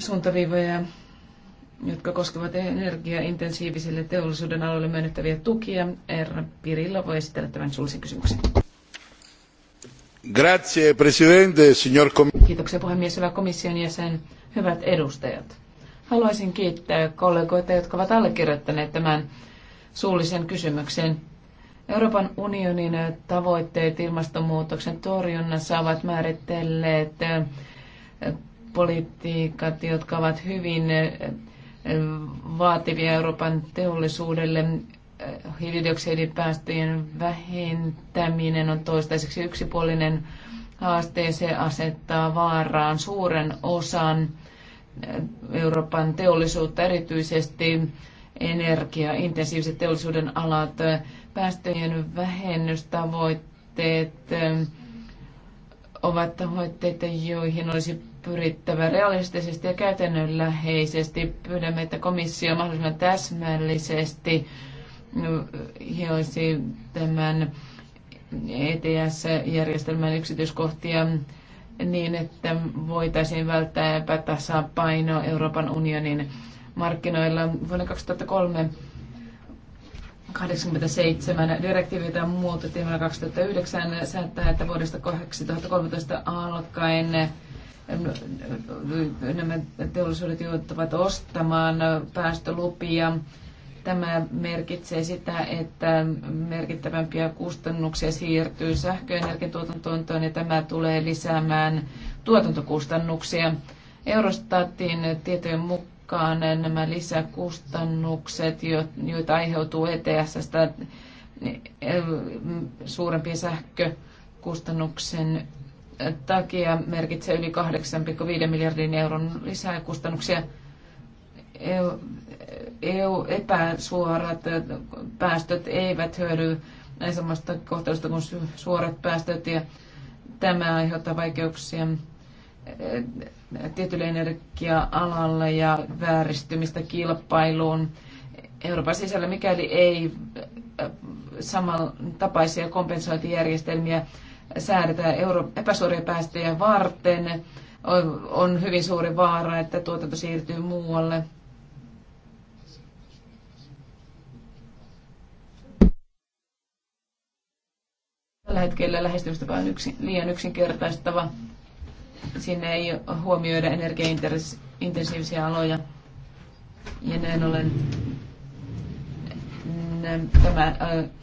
suuntaviivoja, jotka koskevat energiaintensiivisille teollisuuden aloille myönnettäviä tukia. Erra Pirilla voi esitellä tämän suullisen kysymyksen. Grazie, presidente, signor Kiitoksia puhemies, hyvä komission jäsen, hyvät edustajat. Haluaisin kiittää kollegoita, jotka ovat allekirjoittaneet tämän suullisen kysymyksen. Euroopan unionin tavoitteet ilmastonmuutoksen torjunnassa ovat määritelleet politiikat, jotka ovat hyvin eh, vaativia Euroopan teollisuudelle. Eh, hiilidioksidipäästöjen vähentäminen on toistaiseksi yksipuolinen haaste. Se asettaa vaaraan suuren osan eh, Euroopan teollisuutta, erityisesti energiaintensiiviset teollisuuden alat, päästöjen vähennystavoitteet, ovat tavoitteita, joihin olisi pyrittävä realistisesti ja käytännönläheisesti. Pyydämme, että komissio mahdollisimman täsmällisesti no, hioisi tämän ETS-järjestelmän yksityiskohtia niin, että voitaisiin välttää epätasapaino Euroopan unionin markkinoilla. Vuonna 2003 87 direktiivi, jota muutettiin vuonna 2009, säättää, että vuodesta 2013 alkaen nämä teollisuudet joutuvat ostamaan päästölupia. Tämä merkitsee sitä, että merkittävämpiä kustannuksia siirtyy sähköenergian tuotantoon ja tämä tulee lisäämään tuotantokustannuksia. Eurostatin tietojen mukaan mukaan nämä lisäkustannukset, joita aiheutuu ETSstä eh, suurempien sähkökustannuksen takia merkitsee yli 8,5 miljardin euron lisää kustannuksia. EU, EU epäsuorat päästöt eivät hyödy näin samasta kohtelusta kuin suorat päästöt ja tämä aiheuttaa vaikeuksia tietylle energia-alalle ja vääristymistä kilpailuun Euroopan sisällä, mikäli ei äh, samantapaisia kompensointijärjestelmiä säädetä euro- epäsuoria päästöjä varten, on hyvin suuri vaara, että tuotanto siirtyy muualle. Tällä hetkellä lähestymistapa on yksi, liian yksinkertaistava. Sinne ei huomioida energiaintensiivisiä aloja. Ja näin ollen mm, tämä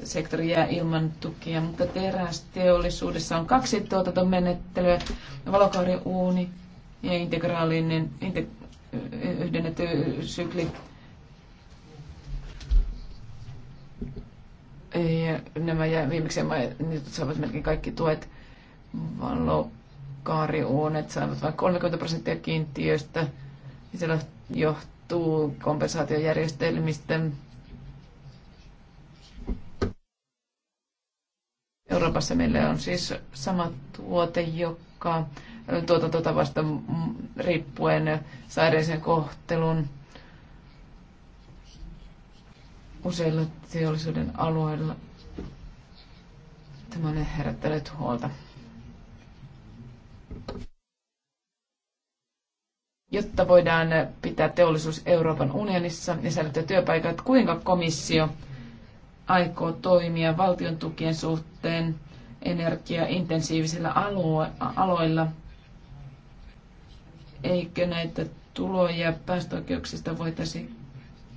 sektori jää ilman tukia, mutta terästeollisuudessa on kaksi tuotantomenettelyä, uuni ja integraalinen inte, yhdennetty sykli. Ja nämä jää viimeksi, ne saavat melkein kaikki tuet. Valo, kaariuunet saavat vain 30 prosenttia kiintiöistä Se johtuu kompensaatiojärjestelmistä. Euroopassa meillä on siis sama tuote, joka tuotantotavasta riippuen sairaisen kohtelun useilla teollisuuden alueilla. Tämä on herättänyt huolta jotta voidaan pitää teollisuus Euroopan unionissa ja säilyttää työpaikat, kuinka komissio aikoo toimia valtion tukien suhteen energiaintensiivisillä alue- aloilla? Eikö näitä tuloja päästöoikeuksista voitaisi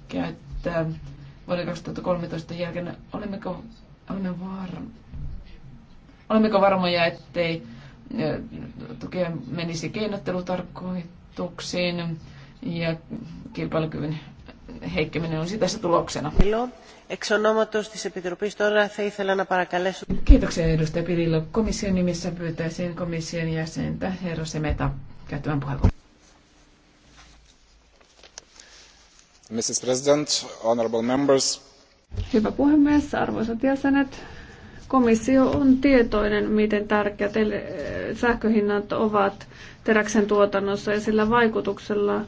käyttää vuoden 2013 jälkeen? Olemmeko, olemme var- olemmeko varmoja, ettei tukea menisi keinottelutarkoituksiin ja kilpailukyvyn heikkeneminen olisi se tuloksena. της Επιτροπής τώρα θα ήθελα να παρακαλέσω... Kiitoksia edustaja Pirillo. Komission nimissä pyytäisin komission jäsentä herra Semeta käyttämään puheenvuoron. Mrs. President, honorable members. Hyvä puhemies, arvoisat jäsenet, Komissio on tietoinen, miten tärkeät sähköhinnat ovat teräksen tuotannossa ja sillä vaikutuksella,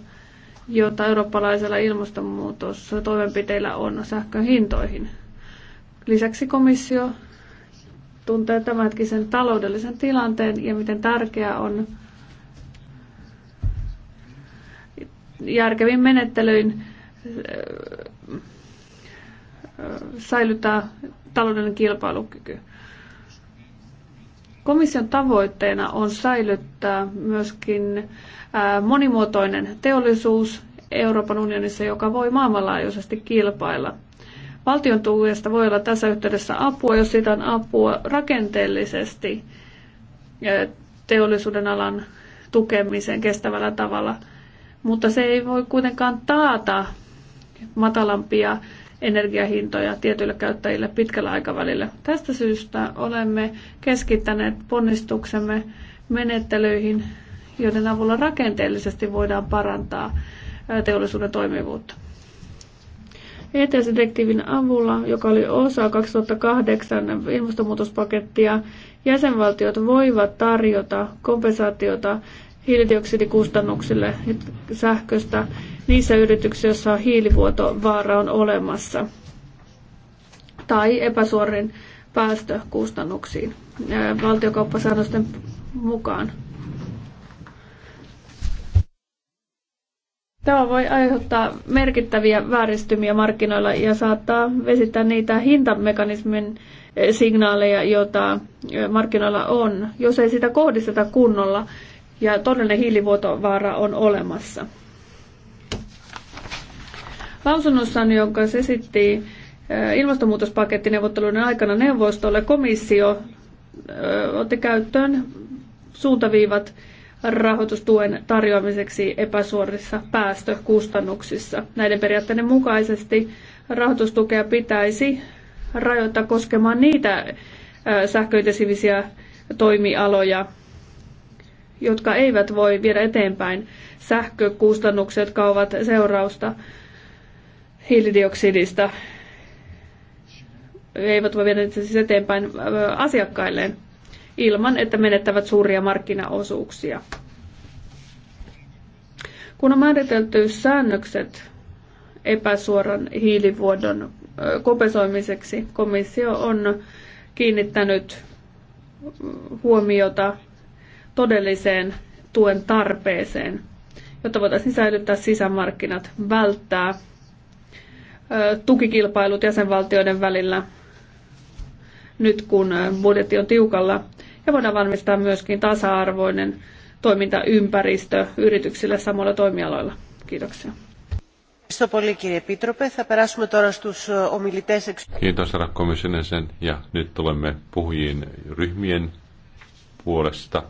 jota eurooppalaisella ilmastonmuutostoimenpiteillä on sähkön hintoihin. Lisäksi komissio tuntee tämänhetkisen taloudellisen tilanteen ja miten tärkeää on järkevin menettelyin säilyttää taloudellinen kilpailukyky. Komission tavoitteena on säilyttää myöskin monimuotoinen teollisuus Euroopan unionissa, joka voi maailmanlaajuisesti kilpailla. Valtion tuesta voi olla tässä yhteydessä apua, jos siitä on apua rakenteellisesti teollisuuden alan tukemiseen kestävällä tavalla, mutta se ei voi kuitenkaan taata matalampia energiahintoja tietyille käyttäjille pitkällä aikavälillä. Tästä syystä olemme keskittäneet ponnistuksemme menettelyihin, joiden avulla rakenteellisesti voidaan parantaa teollisuuden toimivuutta. ETS-direktiivin avulla, joka oli osa 2008 ilmastonmuutospakettia, jäsenvaltiot voivat tarjota kompensaatiota hiilidioksidikustannuksille sähköstä niissä yrityksissä, joissa on hiilivuotovaara on olemassa tai epäsuorin päästökustannuksiin valtiokauppasäännösten mukaan. Tämä voi aiheuttaa merkittäviä vääristymiä markkinoilla ja saattaa vesittää niitä hintamekanismin signaaleja, joita markkinoilla on. Jos ei sitä kohdisteta kunnolla, ja todellinen hiilivuotovaara on olemassa. Lausunnossaan, jonka se esitti eh, ilmastonmuutospakettineuvotteluiden aikana neuvostolle, komissio eh, otti käyttöön suuntaviivat rahoitustuen tarjoamiseksi epäsuorissa päästökustannuksissa. Näiden periaatteiden mukaisesti rahoitustukea pitäisi rajoittaa koskemaan niitä eh, sähköintensiivisiä toimialoja, jotka eivät voi viedä eteenpäin sähkökustannuksia, jotka ovat seurausta hiilidioksidista, eivät voi viedä itse siis eteenpäin äh, asiakkailleen ilman, että menettävät suuria markkinaosuuksia. Kun on määritelty säännökset epäsuoran hiilivuodon äh, kompensoimiseksi, komissio on kiinnittänyt huomiota todelliseen tuen tarpeeseen, jotta voitaisiin säilyttää sisämarkkinat, välttää tukikilpailut jäsenvaltioiden välillä nyt kun budjetti on tiukalla ja voidaan varmistaa myöskin tasa-arvoinen toimintaympäristö yrityksille samoilla toimialoilla. Kiitoksia. Kiitos herra komission jäsen ja nyt tulemme puhujiin ryhmien puolesta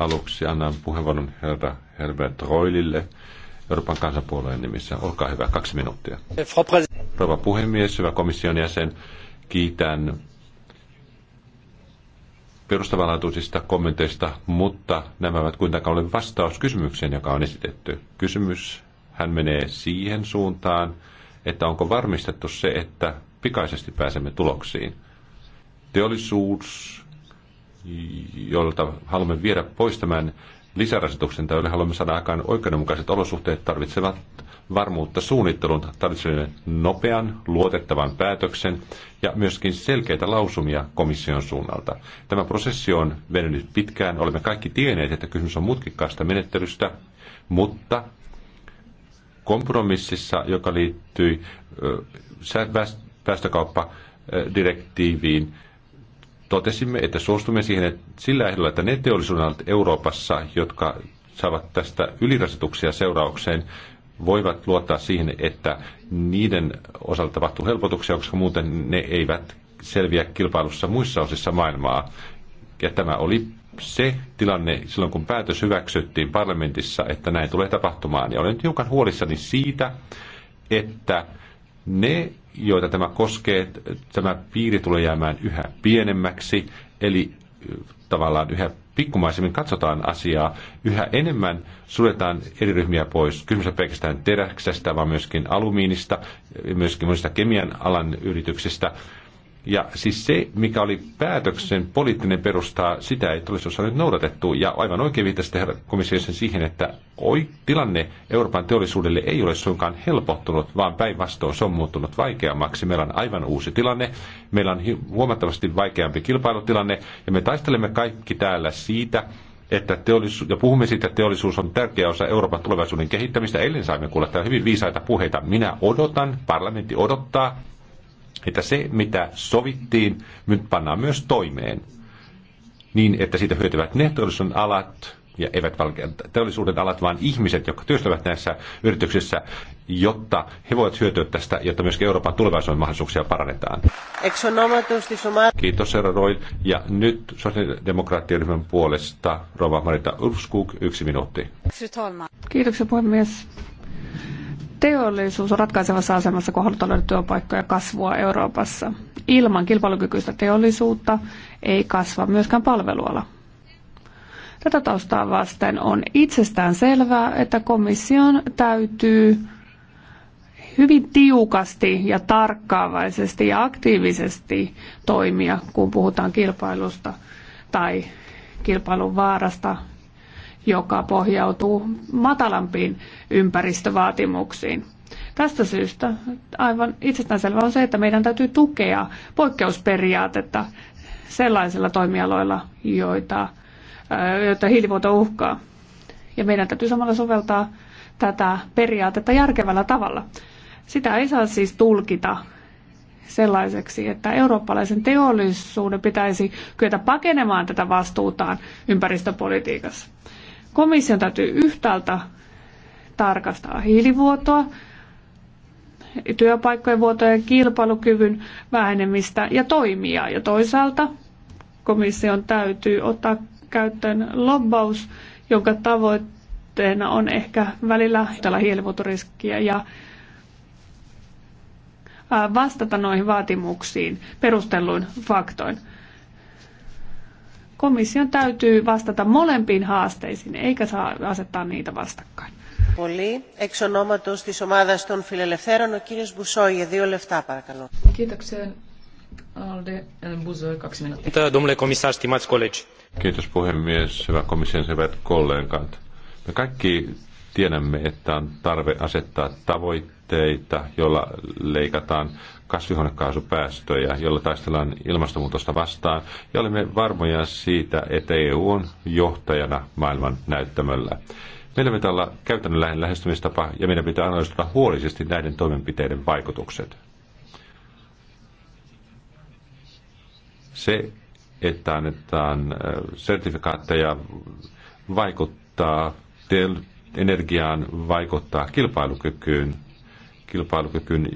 aluksi annan puheenvuoron herra Herbert Roilille Euroopan kansanpuolueen nimissä. Olkaa hyvä, kaksi minuuttia. Rouva puhemies, hyvä komission jäsen, kiitän perustavanlaatuisista kommenteista, mutta nämä eivät kuitenkaan ole vastaus kysymykseen, joka on esitetty. Kysymys hän menee siihen suuntaan, että onko varmistettu se, että pikaisesti pääsemme tuloksiin. Teollisuus jolta haluamme viedä pois tämän lisärasituksen tai jolle haluamme saada aikaan oikeudenmukaiset olosuhteet, tarvitsevat varmuutta suunnittelun, tarvitsemme nopean, luotettavan päätöksen ja myöskin selkeitä lausumia komission suunnalta. Tämä prosessi on venynyt pitkään. Olemme kaikki tienneet, että kysymys on mutkikkaasta menettelystä, mutta kompromississa, joka liittyi päästökauppadirektiiviin, direktiiviin, totesimme, että suostumme siihen että sillä ehdolla, että ne teollisuudet Euroopassa, jotka saavat tästä ylirasituksia seuraukseen, voivat luottaa siihen, että niiden osalta tapahtuu helpotuksia, koska muuten ne eivät selviä kilpailussa muissa osissa maailmaa. Ja tämä oli se tilanne silloin, kun päätös hyväksyttiin parlamentissa, että näin tulee tapahtumaan. Ja olen hiukan huolissani siitä, että ne joita tämä koskee, tämä piiri tulee jäämään yhä pienemmäksi, eli tavallaan yhä pikkumaisemmin katsotaan asiaa, yhä enemmän suljetaan eri ryhmiä pois. Kysymys on pelkästään teräksestä, vaan myöskin alumiinista, myöskin monista kemian alan yrityksistä. Ja siis se, mikä oli päätöksen poliittinen perusta, sitä ei tulisi osannut noudatettu. Ja aivan oikein viittasi herra komissiossa siihen, että oi, tilanne Euroopan teollisuudelle ei ole suinkaan helpottunut, vaan päinvastoin se on muuttunut vaikeammaksi. Meillä on aivan uusi tilanne, meillä on huomattavasti vaikeampi kilpailutilanne, ja me taistelemme kaikki täällä siitä, että teollisuus, ja puhumme siitä, että teollisuus on tärkeä osa Euroopan tulevaisuuden kehittämistä. Eilen saimme kuulla täällä hyvin viisaita puheita. Minä odotan, parlamentti odottaa, että se, mitä sovittiin, nyt pannaan myös toimeen niin, että siitä hyötyvät ne teollisuuden alat, ja eivät teollisuuden alat, vaan ihmiset, jotka työstävät näissä yrityksissä, jotta he voivat hyötyä tästä, jotta myöskin Euroopan tulevaisuuden mahdollisuuksia parannetaan. Kiitos, herra Roy. Ja nyt sosiaalidemokraattiryhmän puolesta Rova Marita Urskuk, yksi minuutti. Kiitoksia, puhemies. Teollisuus on ratkaisevassa asemassa, kun halutaan löydä työpaikkoja kasvua Euroopassa. Ilman kilpailukykyistä teollisuutta ei kasva myöskään palveluala. Tätä taustaa vasten on itsestään selvää, että komission täytyy hyvin tiukasti ja tarkkaavaisesti ja aktiivisesti toimia, kun puhutaan kilpailusta tai kilpailun vaarasta joka pohjautuu matalampiin ympäristövaatimuksiin. Tästä syystä aivan itsestäänselvää on se, että meidän täytyy tukea poikkeusperiaatetta sellaisilla toimialoilla, joita, joita hiilivuoto uhkaa. Ja meidän täytyy samalla soveltaa tätä periaatetta järkevällä tavalla. Sitä ei saa siis tulkita sellaiseksi, että eurooppalaisen teollisuuden pitäisi kyetä pakenemaan tätä vastuutaan ympäristöpolitiikassa. Komission täytyy yhtäältä tarkastaa hiilivuotoa, työpaikkojen vuotoja ja kilpailukyvyn vähenemistä ja toimia. Ja toisaalta komission täytyy ottaa käyttöön lobbaus, jonka tavoitteena on ehkä välillä tällä hiilivuotoriskiä ja vastata noihin vaatimuksiin perustelluin faktoin. Komission täytyy vastata molempiin haasteisiin, eikä saa asettaa niitä vastakkain. Πολύ. Εξ ονόματος της ομάδας των φιλελευθέρων, ο κύριος Μπουσόη, για δύο λεφτά παρακαλώ. Κοίταξε, Alde, Buzoi, kaksi minuuttia. Domnule comisar, stimați colegi. Kiitos puhemies, hyvä komission, hyvät kollegat. Me kaikki tiedämme, että on tarve asettaa tavoitteita, joilla leikataan kasvihuonekaasupäästöjä, jolla taistellaan ilmastonmuutosta vastaan, ja olemme varmoja siitä, että EU on johtajana maailman näyttämöllä. Meillä pitää olla käytännönläheinen lähestymistapa, ja meidän pitää analysoida huolisesti näiden toimenpiteiden vaikutukset. Se, että annetaan äh, sertifikaatteja, vaikuttaa energiaan, vaikuttaa kilpailukykyyn, kilpailukykyyn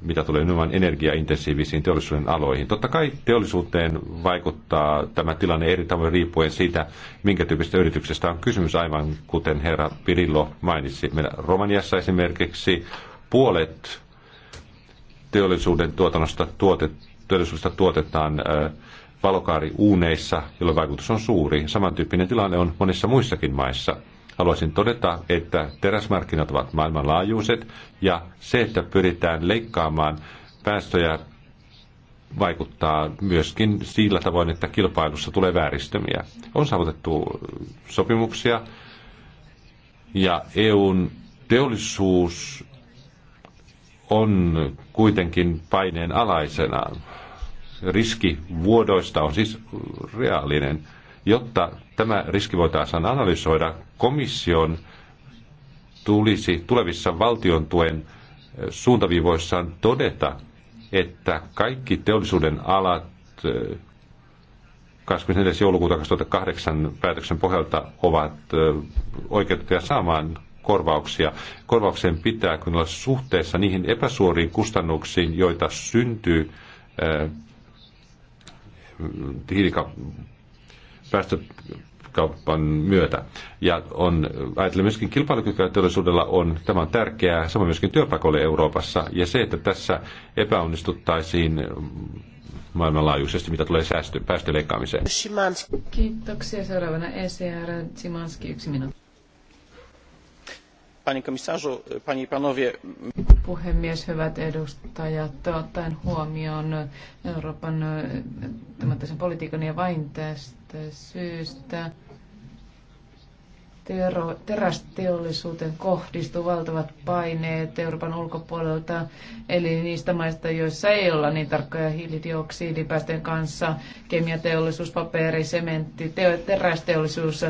mitä tulee nimenomaan energiaintensiivisiin teollisuuden aloihin. Totta kai teollisuuteen vaikuttaa tämä tilanne eri tavoin riippuen siitä, minkä tyyppistä yrityksestä on kysymys, aivan kuten herra Pirillo mainitsi. Meillä Romaniassa esimerkiksi puolet teollisuuden tuotannosta tuotet, teollisuudesta tuotetaan valokaariuuneissa, jolloin vaikutus on suuri. Samantyyppinen tilanne on monissa muissakin maissa – Haluaisin todeta, että teräsmarkkinat ovat maailmanlaajuiset ja se, että pyritään leikkaamaan päästöjä vaikuttaa myöskin sillä tavoin, että kilpailussa tulee vääristymiä. On saavutettu sopimuksia ja EUn teollisuus on kuitenkin paineen alaisena. Riski vuodoista on siis reaalinen. Jotta tämä riski voitaisiin analysoida, komission tulisi tulevissa valtion tuen suuntaviivoissaan todeta, että kaikki teollisuuden alat 24. joulukuuta 2008 päätöksen pohjalta ovat oikeutettuja saamaan korvauksia. Korvauksen pitää kun olla suhteessa niihin epäsuoriin kustannuksiin, joita syntyy päästökaupan myötä. Ja on, ajatellen myöskin kilpailukykyä teollisuudella on, tämä on tärkeää, samoin myöskin työpaikoille Euroopassa. Ja se, että tässä epäonnistuttaisiin maailmanlaajuisesti, mitä tulee säästö, päästöleikkaamiseen. Kiitoksia. Seuraavana ECR Simanski, yksi minuutti. Pani komisarzu, pani panowie. Puhemies, hyvät edustajat, ottaen huomioon Euroopan politiikan ja vain tästä tästä syystä terästeollisuuteen kohdistuu valtavat paineet Euroopan ulkopuolelta, eli niistä maista, joissa ei olla niin tarkkoja hiilidioksidipäästöjen kanssa, kemiateollisuus, paperi, sementti, terästeollisuus,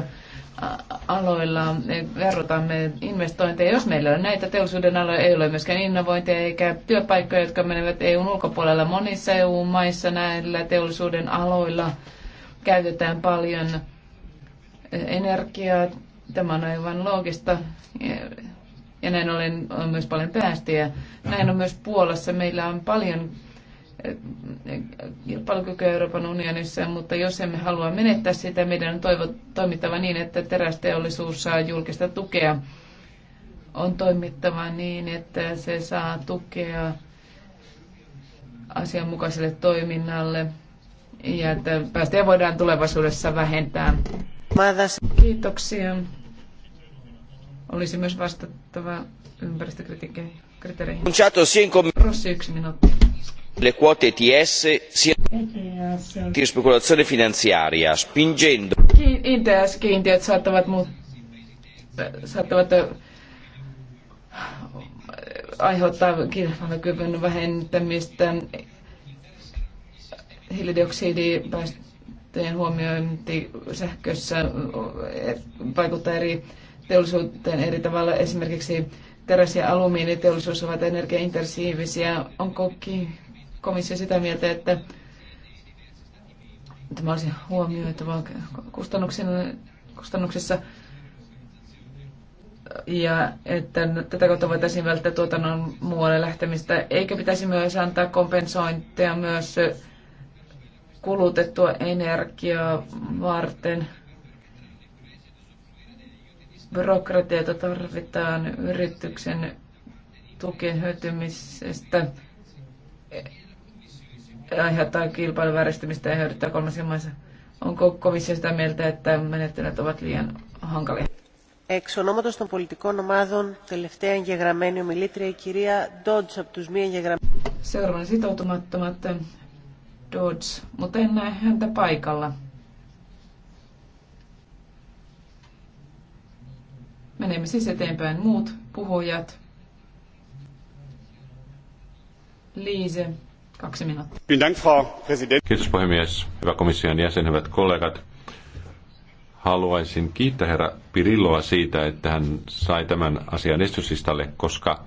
aloilla verrotamme investointeja. Jos meillä on näitä teollisuuden aloja, ei ole myöskään innovointeja eikä työpaikkoja, jotka menevät EUn ulkopuolella monissa EU-maissa näillä teollisuuden aloilla käytetään paljon energiaa. Tämä on aivan loogista ja näin ollen on myös paljon päästöjä. Näin on myös Puolassa. Meillä on paljon eh, kilpailukykyä Euroopan unionissa, mutta jos emme halua menettää sitä, meidän on toivo, toimittava niin, että terästeollisuus saa julkista tukea. On toimittava niin, että se saa tukea asianmukaiselle toiminnalle ja että päästöjä voidaan tulevaisuudessa vähentää. Kiitoksia. Olisi myös vastattava ympäristökriteereihin. Rossi yksi minuutti. Le quote ETS si e di speculazione finanziaria, spingendo. ITS-kiintiöt saattavat, mu- saattavat aiheuttaa kilpailukyvyn vähentämistä hiilidioksidipäästöjen huomiointi sähkössä eh, vaikuttaa eri teollisuuteen eri tavalla. Esimerkiksi teräs- ja alumiiniteollisuus ovat energiaintensiivisiä. Onko komissio sitä mieltä, että tämä olisi huomioitava kustannuksissa ja että tätä kautta voitaisiin välttää tuotannon muualle lähtemistä. Eikä pitäisi myös antaa kompensointeja myös kulutettua energiaa varten. Byrokratiata tarvitaan yrityksen tukien hyötymisestä aiheuttaa kilpailun vääristymistä ja hyödyttää kolmansia maissa. Onko komissio sitä mieltä, että menettelyt ovat liian hankalia? Εξ ονόματος των πολιτικών ομάδων, τελευταία εγγεγραμμένη ομιλήτρια, η κυρία Ντότς από τους μη εγγεγραμμένους. Seuraavana sitoutumattomat Dodge, mutta en näe häntä paikalla. Menemme siis eteenpäin. Muut puhujat. Liise, kaksi minuuttia. Kiitos puhemies, hyvä komission jäsen, hyvät kollegat. Haluaisin kiittää herra Pirilloa siitä, että hän sai tämän asian esityslistalle, koska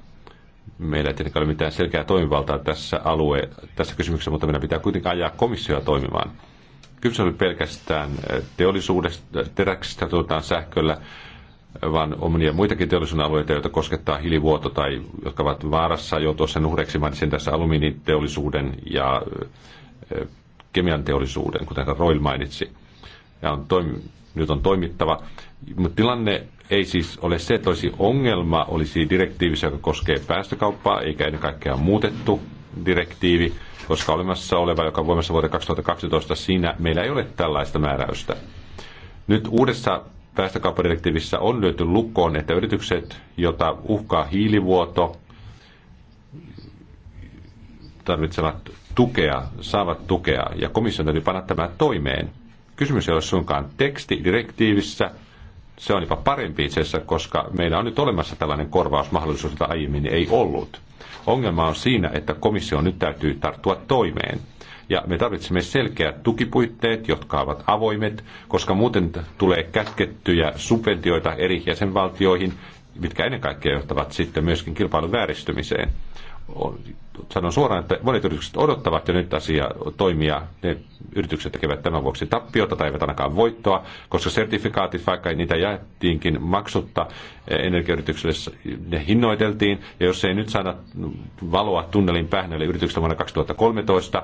Meillä ei tietenkään ole mitään selkeää toimivaltaa tässä alue, tässä kysymyksessä, mutta meidän pitää kuitenkin ajaa komissioa toimimaan. Kysymys oli pelkästään eh, teollisuudesta, eh, teräksistä tuotetaan sähköllä, eh, vaan on monia muitakin teollisuuden alueita, joita koskettaa hilivuoto tai jotka ovat vaarassa joutua sen uhreiksi. Mainitsin tässä alumiiniteollisuuden ja kemian teollisuuden, kuten Roil mainitsi. Ja on toimi, nyt on toimittava. Mutta tilanne ei siis ole se, että olisi ongelma, olisi direktiivissä, joka koskee päästökauppaa, eikä ennen kaikkea muutettu direktiivi, koska olemassa oleva, joka on voimassa vuoteen 2012, siinä meillä ei ole tällaista määräystä. Nyt uudessa päästökauppadirektiivissä on löyty lukkoon, että yritykset, jota uhkaa hiilivuoto, tarvitsevat tukea, saavat tukea, ja komission täytyy panna tämä toimeen. Kysymys ei ole suinkaan teksti direktiivissä, se on jopa parempi itse asiassa, koska meillä on nyt olemassa tällainen korvausmahdollisuus, jota aiemmin ei ollut. Ongelma on siinä, että komissio nyt täytyy tarttua toimeen. Ja me tarvitsemme selkeät tukipuitteet, jotka ovat avoimet, koska muuten tulee kätkettyjä subventioita eri jäsenvaltioihin, mitkä ennen kaikkea johtavat sitten myöskin kilpailun vääristymiseen sanon suoraan, että monet yritykset odottavat jo nyt asiaa toimia. Ne yritykset tekevät tämän vuoksi tappiota tai eivät ainakaan voittoa, koska sertifikaatit, vaikka niitä jaettiinkin maksutta eh, energiayritykselle, ne hinnoiteltiin. Ja jos ei nyt saada valoa tunnelin päähän yrityksistä vuonna 2013,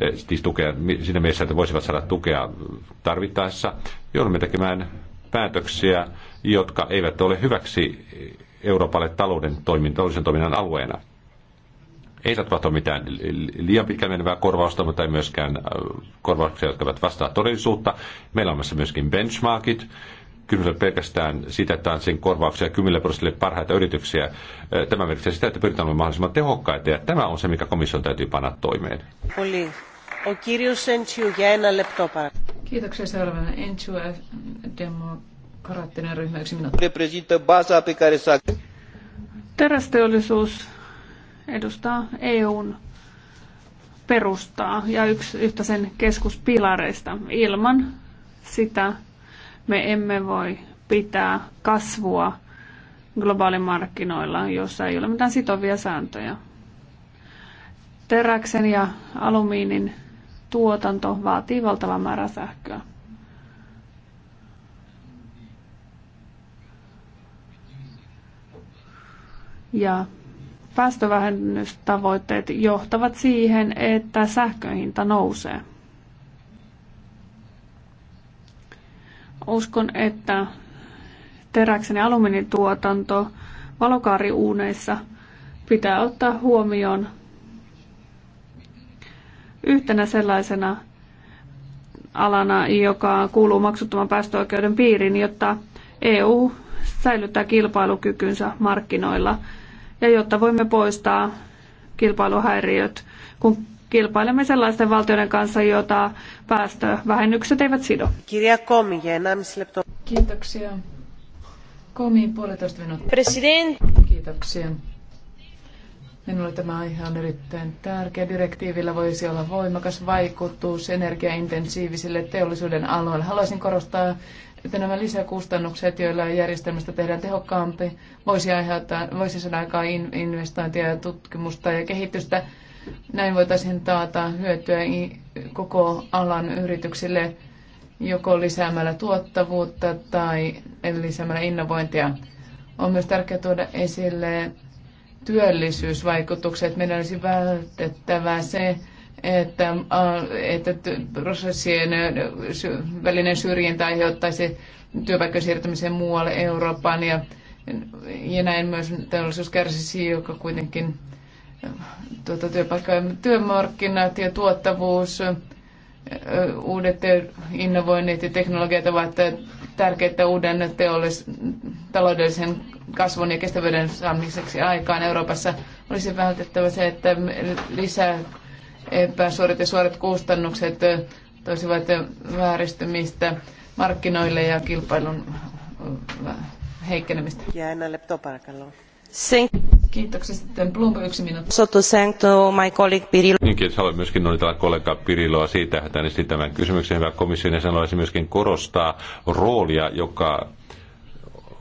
eh, siis, siis tukea, siinä mielessä, että voisivat saada tukea tarvittaessa, joudumme tekemään päätöksiä, jotka eivät ole hyväksi eh, Euroopalle talouden toimin, toiminnan alueena ei saa tapahtua mitään liian pitkään menevää korvausta, mutta ei myöskään äh, korvauksia, jotka eivät vastaa todellisuutta. Meillä on myöskin benchmarkit, kysymys on pelkästään sitä, että on sen korvauksia 10 prosentille parhaita yrityksiä. Äh, tämä merkitsee sitä, että pyritään olemaan mahdollisimman tehokkaita, ja tämä on se, mikä komission täytyy panna toimeen. Oli. O kirjus Enchiu, Kiitoksia seuraavana. Enchiu, demokraattinen ryhmä, yksi minuutti. Reprezintă baza pe care s Terästeollisuus edustaa EUn perustaa ja yksi, yhtä sen keskuspilareista. Ilman sitä me emme voi pitää kasvua globaalimarkkinoilla, jossa ei ole mitään sitovia sääntöjä. Teräksen ja alumiinin tuotanto vaatii valtavan määrän sähköä. Ja päästövähennystavoitteet johtavat siihen, että sähkön hinta nousee. Uskon, että teräksen ja tuotanto valokaariuuneissa pitää ottaa huomioon yhtenä sellaisena alana, joka kuuluu maksuttoman päästöoikeuden piiriin, jotta EU säilyttää kilpailukykynsä markkinoilla – ja jotta voimme poistaa kilpailuhäiriöt, kun kilpailemme sellaisten valtioiden kanssa, joita päästövähennykset eivät sido. Kirja Komi, Kiitoksia. Komi, puolitoista minuuttia. President. Kiitoksia. Minulle tämä aihe on erittäin tärkeä. Direktiivillä voisi olla voimakas vaikutus energiaintensiivisille teollisuuden alueille. Haluaisin korostaa että nämä lisäkustannukset, joilla järjestelmästä tehdään tehokkaampi, voisi, aiheuttaa, voisi saada aikaa investointia tutkimusta ja kehitystä. Näin voitaisiin taata hyötyä koko alan yrityksille joko lisäämällä tuottavuutta tai lisäämällä innovointia. On myös tärkeää tuoda esille työllisyysvaikutukset. Meidän olisi vältettävä se, että, äh, että prosessien äh, välinen syrjintä aiheuttaisi työpaikkojen siirtämisen muualle Eurooppaan ja, ja näin myös teollisuus kärsisi, joka kuitenkin äh, tuota, työpaikkojen työmarkkinat ja tuottavuus, uudet innovoinnit ja teknologiat ovat tärkeitä uuden teollis- taloudellisen kasvun ja kestävyyden saamiseksi aikaan Euroopassa. Olisi vältettävä se, että lisää epäsuorit ja suorat kustannukset toisivat vääristymistä markkinoille ja kilpailun äh, heikkenemistä. Ja Kiitoksia sitten Plumbo yksi minuutti. thank to my colleague niin, kiitos. Haluan myöskin onnitella kollega Pirilloa siitä, että hän esitti tämän kysymyksen hyvä komission ja sanoisin myöskin korostaa roolia, joka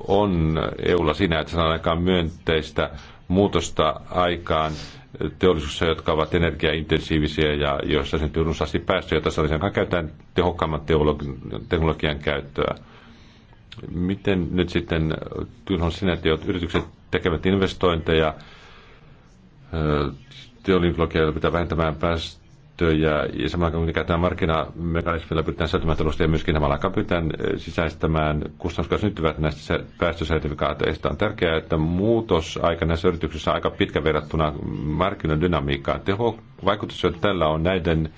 on EUlla siinä, että saadaan aikaan myönteistä muutosta aikaan teollisuudessa, jotka ovat energiaintensiivisiä ja joissa syntyy runsaasti päästöjä, joita saadaan käytetään tehokkaamman teknologian käyttöä. Miten nyt sitten, kyllä sinä, että yritykset tekevät investointeja, teollisuuslogia pitää vähentämään päästöjä, käyttöön ja samaan kun käytetään markkinamekanismilla pyritään säätämään talousta ja myöskin samalla aikaan pyritään sisäistämään kustannuskaan syntyvät näistä päästösertifikaateista. On tärkeää, että muutos aika näissä yrityksissä on aika pitkä verrattuna markkinadynamiikkaan. Teho, vaikutus, että tällä on näiden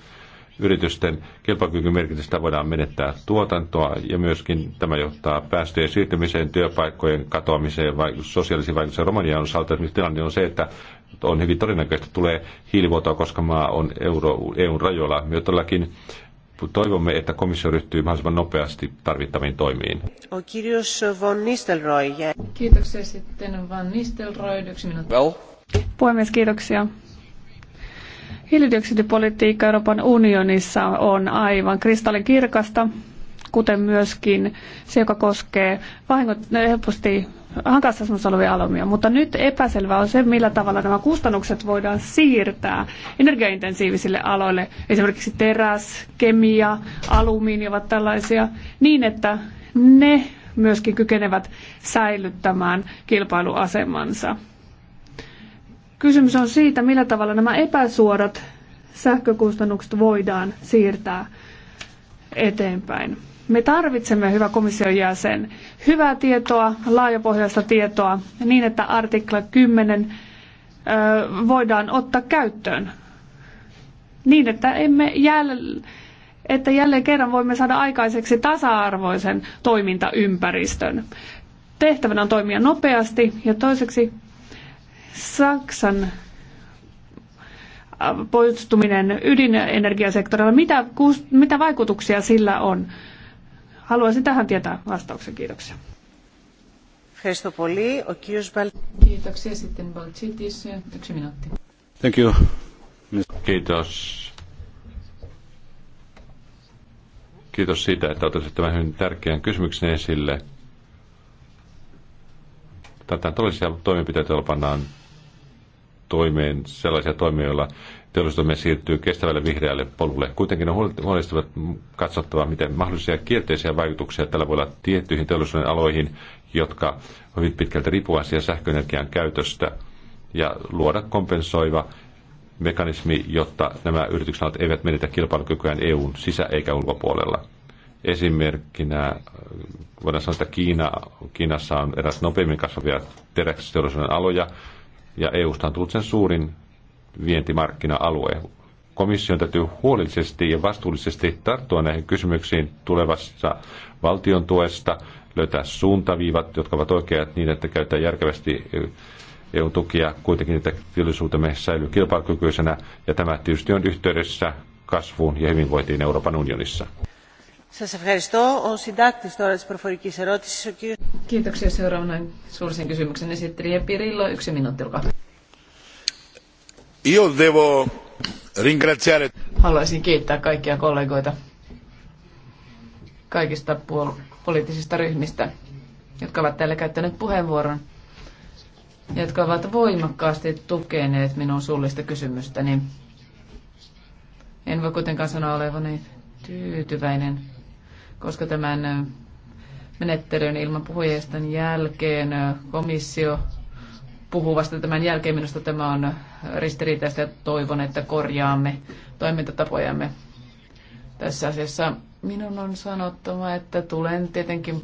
yritysten kilpailukykymerkitystä voidaan menettää tuotantoa ja myöskin tämä johtaa päästöjen siirtymiseen, työpaikkojen katoamiseen, vaikutus, sosiaalisiin vaikutuksiin. Romanian osalta esimerkiksi tilanne on se, että on hyvin todennäköistä tulee hiilivuotoa, koska maa on euro, EUn rajoilla. Me todellakin toivomme, että komissio ryhtyy mahdollisimman nopeasti tarvittaviin toimiin. Kiitos von Nistelrooy. Kiitoksia sitten Van Nistelrooy. Yksi minuutti. Well. Puhemies, kiitoksia. Hiilidioksidipolitiikka Euroopan unionissa on aivan kristallinkirkasta, kuten myöskin se, joka koskee vahingot, no, helposti hankalassa asemassa olevia alumia. Mutta nyt epäselvää on se, millä tavalla nämä kustannukset voidaan siirtää energiaintensiivisille aloille. Esimerkiksi teräs, kemia, alumiini ovat tällaisia, niin että ne myöskin kykenevät säilyttämään kilpailuasemansa. Kysymys on siitä, millä tavalla nämä epäsuorat sähkökustannukset voidaan siirtää eteenpäin. Me tarvitsemme, hyvä komission jäsen, hyvää tietoa, laajapohjaista tietoa, niin että artikla 10 ö, voidaan ottaa käyttöön. Niin, että emme jäl- että jälleen kerran voimme saada aikaiseksi tasa-arvoisen toimintaympäristön. Tehtävänä on toimia nopeasti ja toiseksi Saksan poistuminen ydinenergiasektorilla, mitä, mitä vaikutuksia sillä on? Haluaisin tähän tietää vastauksen. Kiitoksia. Kiitoksia. Sitten Balchitis, yksi minuutti. Thank you. Kiitos. Kiitos siitä, että otit tämän hyvin tärkeän kysymyksen esille. Tätä toisia toimenpiteitä, joilla pannaan toimeen sellaisia toimia, joilla teollisuutemme siirtyy kestävälle vihreälle polulle. Kuitenkin on huolestuttava katsottava, miten mahdollisia kielteisiä vaikutuksia tällä voi olla tiettyihin teollisuuden aloihin, jotka hyvin pitkälti riippuvaisia sähköenergian käytöstä, ja luoda kompensoiva mekanismi, jotta nämä yritykset eivät menetä kilpailukykyään EUn sisä- eikä ulkopuolella. Esimerkkinä voidaan sanoa, että Kiina, Kiinassa on eräs nopeimmin kasvavia teräksisteollisuuden aloja, ja EUsta on tullut sen suurin vientimarkkina-alue. Komission täytyy huolellisesti ja vastuullisesti tarttua näihin kysymyksiin tulevassa valtion tuesta, löytää suuntaviivat, jotka ovat oikeat niin, että käytetään järkevästi eh, EU-tukia kuitenkin, että teollisuutemme säilyy kilpailukykyisenä, ja tämä tietysti on yhteydessä kasvuun ja hyvinvointiin Euroopan unionissa. Kiitoksia. Seuraavana suullisen kysymyksen esittelijä Pirillo. Yksi minuutti, olkaa Io devo ringraziare... Haluaisin kiittää kaikkia kollegoita kaikista puol- poliittisista ryhmistä, jotka ovat täällä käyttäneet puheenvuoron, jotka ovat voimakkaasti tukeneet minun suullista kysymystäni. En voi kuitenkaan sanoa olevani tyytyväinen koska tämän menettelyn ilman puhujaisten jälkeen komissio puhuu vasta tämän jälkeen. Minusta tämä on ristiriitaista ja toivon, että korjaamme toimintatapojamme tässä asiassa. Minun on sanottava, että tulen tietenkin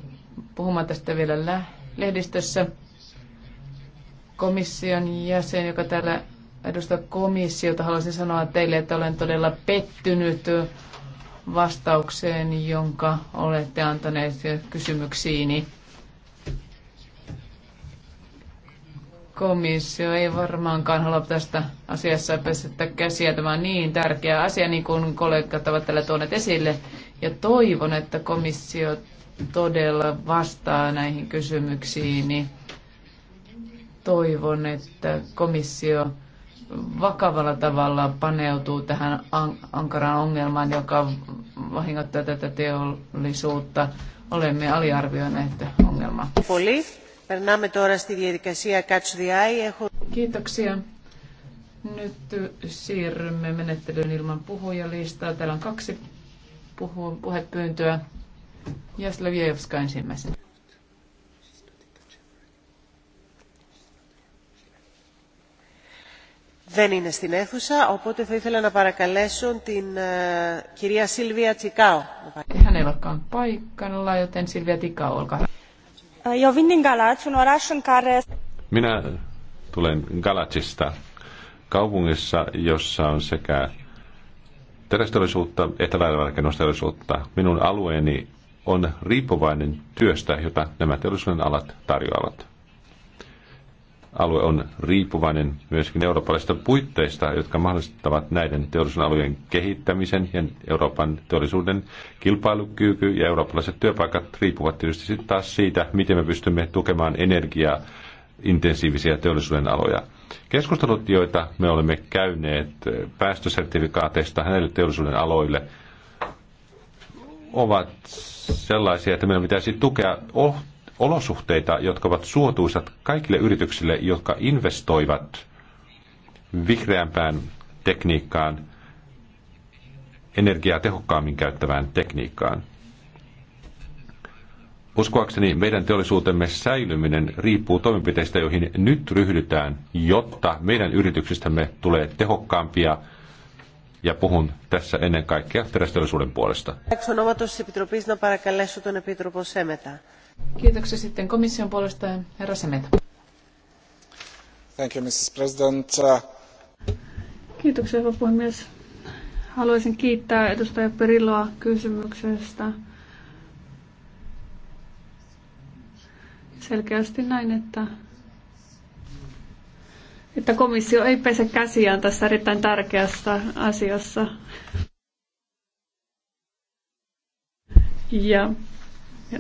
puhumaan tästä vielä lehdistössä. Komission jäsen, joka täällä edustaa komissiota, haluaisin sanoa teille, että olen todella pettynyt vastaukseen, jonka olette antaneet kysymyksiini. Komissio ei varmaankaan halua tästä asiassa pesettä käsiä. Tämä on niin tärkeä asia, niin kuin kollegat ovat täällä tuoneet esille. Ja toivon, että komissio todella vastaa näihin kysymyksiin. Toivon, että komissio vakavalla tavalla paneutuu tähän ankaraan ongelmaan, joka vahingoittaa tätä teollisuutta. Olemme aliarvioineet ongelmaa. Kiitoksia. Nyt siirrymme menettelyyn ilman puhujalistaa. Täällä on kaksi puhu- puhepyyntöä. Jaslevjevska ensimmäisenä. δεν είναι στην αίθουσα, οπότε θα ήθελα να παρακαλέσω την κυρία Σίλβια Τσικάο. ei paikalla, joten Silvia Tikao, olkaa hyvä. Minä tulen Galatsista, kaupungissa, jossa on sekä terästeollisuutta että väärävarkennusteollisuutta. Minun alueeni on riippuvainen työstä, jota nämä teollisuuden alat tarjoavat alue on riippuvainen myöskin eurooppalaisista puitteista, jotka mahdollistavat näiden teollisuuden alueen kehittämisen ja Euroopan teollisuuden kilpailukyky ja eurooppalaiset työpaikat riippuvat tietysti sitten taas siitä, miten me pystymme tukemaan energiaa intensiivisiä teollisuuden aloja. Keskustelut, joita me olemme käyneet päästösertifikaateista näille teollisuuden aloille, ovat sellaisia, että meidän pitäisi tukea olosuhteita, jotka ovat suotuisat kaikille yrityksille, jotka investoivat vihreämpään tekniikkaan, energiaa tehokkaammin käyttävään tekniikkaan. Uskoakseni meidän teollisuutemme säilyminen riippuu toimenpiteistä, joihin nyt ryhdytään, jotta meidän yrityksistämme tulee tehokkaampia ja puhun tässä ennen kaikkea terästeollisuuden puolesta. Kiitoksia sitten komission puolesta, herra Semeta. Thank you, Mrs. President. Uh, Kiitoksia, puhemies. Haluaisin kiittää edustaja Perilloa kysymyksestä. Selkeästi näin, että, että komissio ei pese käsiään tässä erittäin tärkeässä asiassa. Ja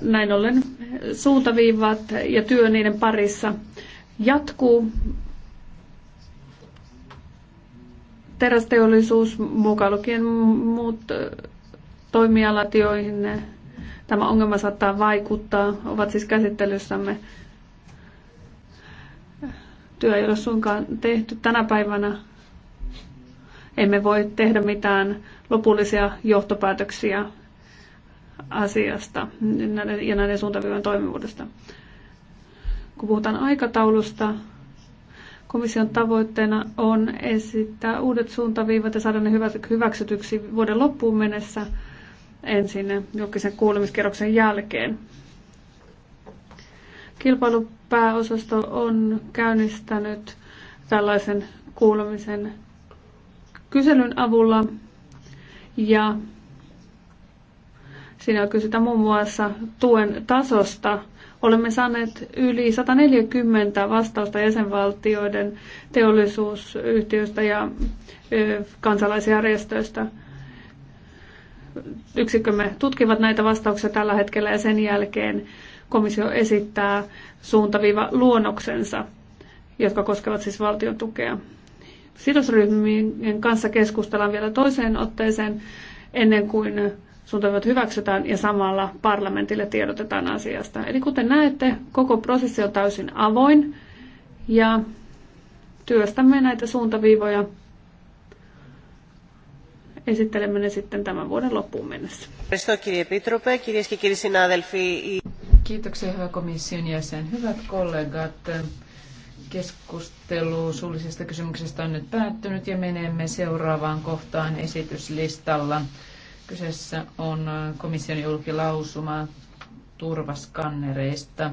näin ollen suuntaviivat ja työ niiden parissa jatkuu. Terästeollisuus, mukaan lukien muut äh, toimialat, joihin tämä ongelma saattaa vaikuttaa, ovat siis käsittelyssämme. Työ ei ole suinkaan tehty tänä päivänä. Emme voi tehdä mitään lopullisia johtopäätöksiä asiasta ja näiden suuntaviivojen toimivuudesta. Kun puhutaan aikataulusta, komission tavoitteena on esittää uudet suuntaviivat ja saada ne hyväksytyksi vuoden loppuun mennessä ensin julkisen kuulemiskierroksen jälkeen. Kilpailupääosasto on käynnistänyt tällaisen kuulemisen kyselyn avulla ja Siinä kysytään muun muassa tuen tasosta. Olemme saaneet yli 140 vastausta jäsenvaltioiden teollisuusyhtiöistä ja kansalaisjärjestöistä. Yksikkömme tutkivat näitä vastauksia tällä hetkellä ja sen jälkeen komissio esittää suuntaviiva luonnoksensa, jotka koskevat siis valtion tukea. Sidosryhmien kanssa keskustellaan vielä toiseen otteeseen ennen kuin toivot hyväksytään ja samalla parlamentille tiedotetaan asiasta. Eli kuten näette, koko prosessi on täysin avoin ja työstämme näitä suuntaviivoja. Esittelemme ne sitten tämän vuoden loppuun mennessä. Kiitoksia hyvä komission jäsen. Hyvät kollegat, keskustelu suullisesta kysymyksestä on nyt päättynyt ja menemme seuraavaan kohtaan esityslistalla. Kyseessä on komission julkilausuma turvaskannereista.